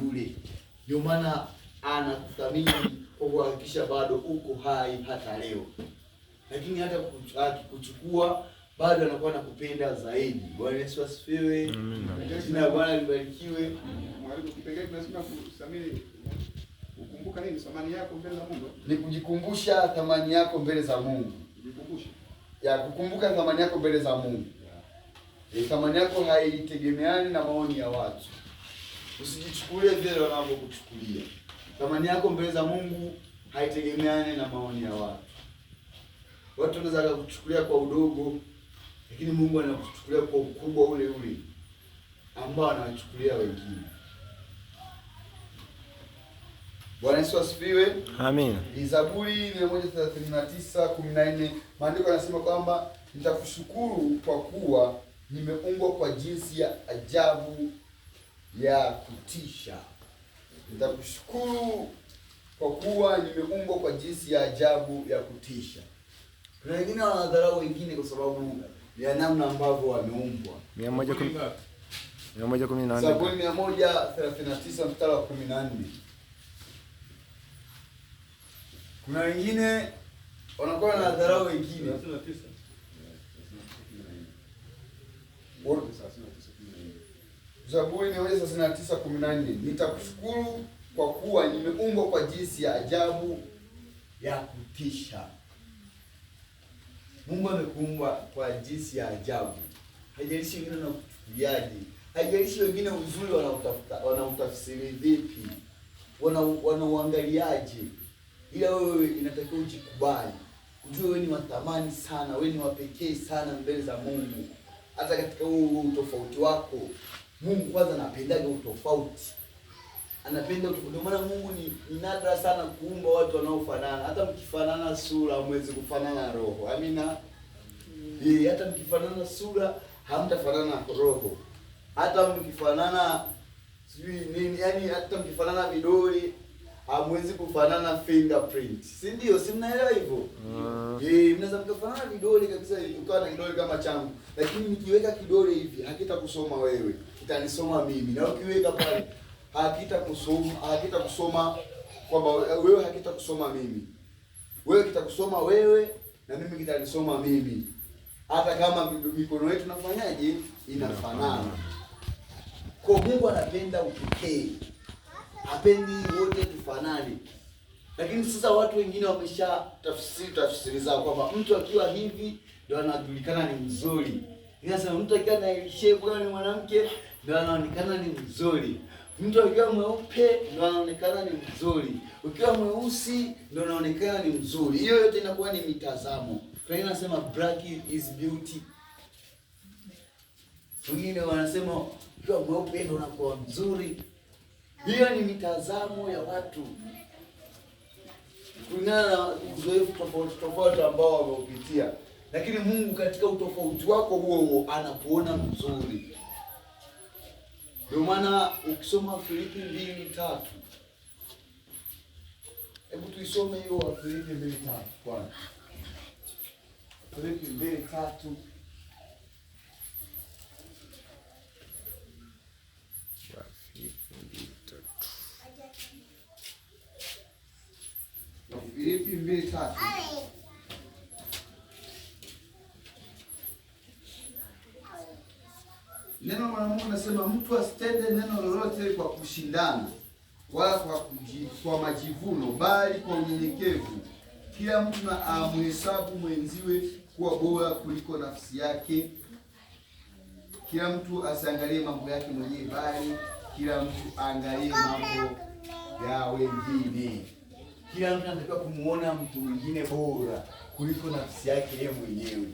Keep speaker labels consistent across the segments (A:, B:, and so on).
A: bure. Ndio maana anakuthamini kwa kuhakikisha bado uko hai hata leo, lakini hata akikuchukua bado anakuwa anakupenda zaidi. Bwana Yesu asifiwe, jina la Bwana libarikiwe. Ni kujikumbusha thamani yako mbele za Mungu, ya kukumbuka thamani yako mbele za Mungu. Eh, thamani yako haitegemeani na maoni ya watu. Usijichukulie vile wanavyokuchukulia. Thamani yako mbele za Mungu haitegemeane na maoni ya watu. Watu wanaweza kukuchukulia kwa udogo, lakini Mungu anakuchukulia kwa ukubwa ule ule ambao anawachukulia wengine. Bwana Yesu asifiwe. Amina. Zaburi 139:14 maandiko yanasema kwamba nitakushukuru kwa kuwa nimeungwa kwa jinsi ya ajabu ya kutisha. Nitakushukuru kwa kuwa nimeumbwa kwa jinsi ya ajabu ya kutisha. Kuna wengine wanadharau wengine kwa sababu ya namna ambavyo wameumbwa. Zaburi mia moja thelathini na tisa mstari wa kumi na nne. Kuna wengine wanakuwa na wengine Zaburi 139:14 nitakushukuru kwa kuwa nimeumbwa kwa jinsi ya ajabu ya kutisha. Mungu amekuumba kwa jinsi ya ajabu. Haijalishi wengine wanakuchukuliaje, haijalishi wengine uzuri wanautafuta wanautafsiri vipi, wanauangaliaje, ila wewe inatakiwa ujikubali, ujue wewe ni wathamani sana, wewe ni wapekee sana mbele za Mungu, hata katika huu utofauti wako. Mungu kwanza anapendaga utofauti, anapenda utofauti. Ndio maana Mungu ni nadra sana kuumba watu wanaofanana. Hata mkifanana sura hamwezi kufanana roho. Amina. Ye, mm. eh, hata mkifanana sura hamtafanana roho, hata mkifanana sijui nini, yani hata mkifanana vidole hamwezi kufanana fingerprint, si ndio? Si mnaelewa hivyo ah. Eh, mnaweza mkafanana vidole kabisa, ukawa na kidole kama changu, lakini nikiweka kidole hivi hakitakusoma wewe, kitanisoma mimi, na ukiweka pale hakitakusoma, hakitakusoma kwamba wewe, hakitakusoma mimi, wewe kitakusoma wewe, na mimi kitanisoma mimi, hata kama mikono yetu nafanyaje, inafanana. Kwa Mungu anapenda upekee hapendi wote tufanane. Lakini sasa watu wengine wamesha tafsiri tafsiri zao kwamba mtu akiwa hivi ndio anajulikana ni mzuri. Ninasema mtu akiwa na shape gani mwanamke ndio anaonekana ni mzuri. Mtu akiwa mweupe ndio anaonekana ni mzuri. Ukiwa mweusi ndio anaonekana ni mzuri. Hiyo yote inakuwa ni mitazamo. Kwa hiyo nasema black is beauty. Wengine wanasema ukiwa mweupe ndio unakuwa mzuri. Hiyo ni mitazamo ya watu kulingana na uzoefu tofauti tofauti ambao wameupitia, lakini Mungu katika utofauti wako huo huo anakuona mzuri. Ndio maana ukisoma Filipi mbili tatu, hebu tuisome hiyo Filipi mbili tatu kwanza. Filipi mbili tatu. Ipi mbili tatu. Neno la Mungu nasema mtu asitende neno lolote kwa kushindana wala kwa, kwa majivuno bali kwa unyenyekevu, kila mtu na amhesabu mwenziwe kuwa bora kuliko nafsi yake. Kila mtu asiangalie mambo yake mwenyewe, bali kila mtu angalie mambo ya wengine. Kila mtu anatakiwa kumuona mtu mwingine bora kuliko nafsi yake yeye mwenyewe.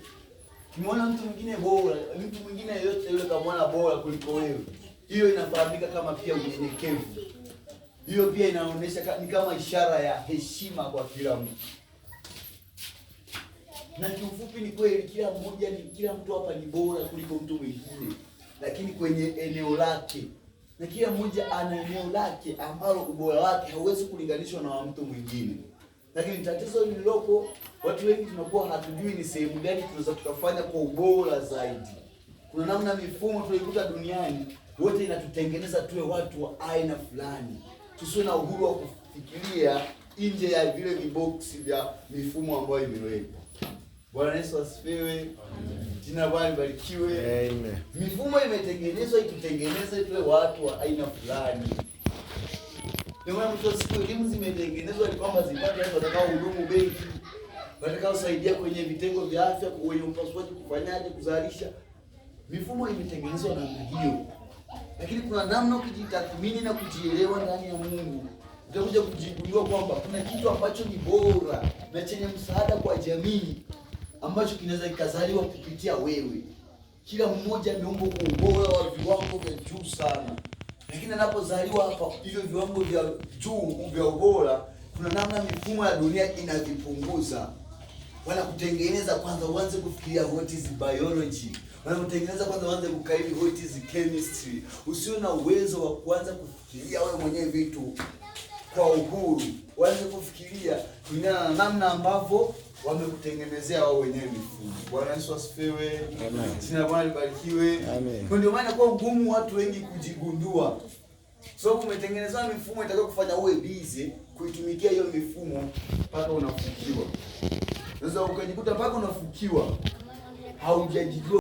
A: Kimuona mtu mwingine bora, mtu mwingine yeyote yule kamwona bora kuliko wewe, hiyo inafahamika kama pia unyenyekevu. Hiyo pia inaonyesha ni kama ishara ya heshima kwa kila mtu. Na kiufupi, ni kweli kila mmoja ni kila mtu hapa ni bora kuliko mtu mwingine, lakini kwenye eneo lake na kila mmoja ana eneo lake ambalo ubora wake hauwezi kulinganishwa na wa mtu mwingine. Lakini tatizo lililopo, watu wengi tunakuwa hatujui ni sehemu gani tunaweza tukafanya kwa ubora zaidi. Kuna namna mifumo tunaikuta duniani wote inatutengeneza tuwe watu wa aina fulani, tusiwe na uhuru wa kufikiria nje ya vile viboksi vya mifumo ambayo imewekwa. Bwana Yesu asifiwe. Jina la Bwana libarikiwe. Amen. Mifumo imetengenezwa ikitengeneza tuwe watu wa aina fulani. Ndio maana mtu siku elimu zimetengenezwa ni kwamba zipate watu watakao hudumu benki, watakao saidia kwenye vitengo vya afya, kwenye upasuaji, kufanyaje, kuzalisha. Mifumo imetengenezwa namna hiyo. Lakini kuna namna ukijitathmini na kujielewa ndani ya Mungu utakuja kujigundua kwamba kuna kitu ambacho ni bora na chenye msaada kwa jamii ambacho kinaweza kikazaliwa kupitia wewe. Kila mmoja ameumbwa kwa ubora wa viwango vya juu sana, lakini anapozaliwa hapa, hivyo viwango vya juu vya ubora, kuna namna mifumo ya dunia inavipunguza. Wanakutengeneza kwanza uanze kufikiria what is biology, kutengeneza kwanza uanze kukaidi what is chemistry. Usio na uwezo wa kuanza kufikiria wewe mwenyewe vitu kwa uhuru, uanze kufikiria kulingana na namna ambavyo wamekutengenezea wao wenyewe mifumo. Bwana Yesu asifiwe. Jina Bwana libarikiwe. Kwa ndio maana kwa ugumu watu wengi kujigundua, sababu so, umetengenezewa mifumo itakiwa kufanya uwe busy kuitumikia hiyo mifumo mpaka unafukiwa. Sasa ukajikuta mpaka unafukiwa haujajijua.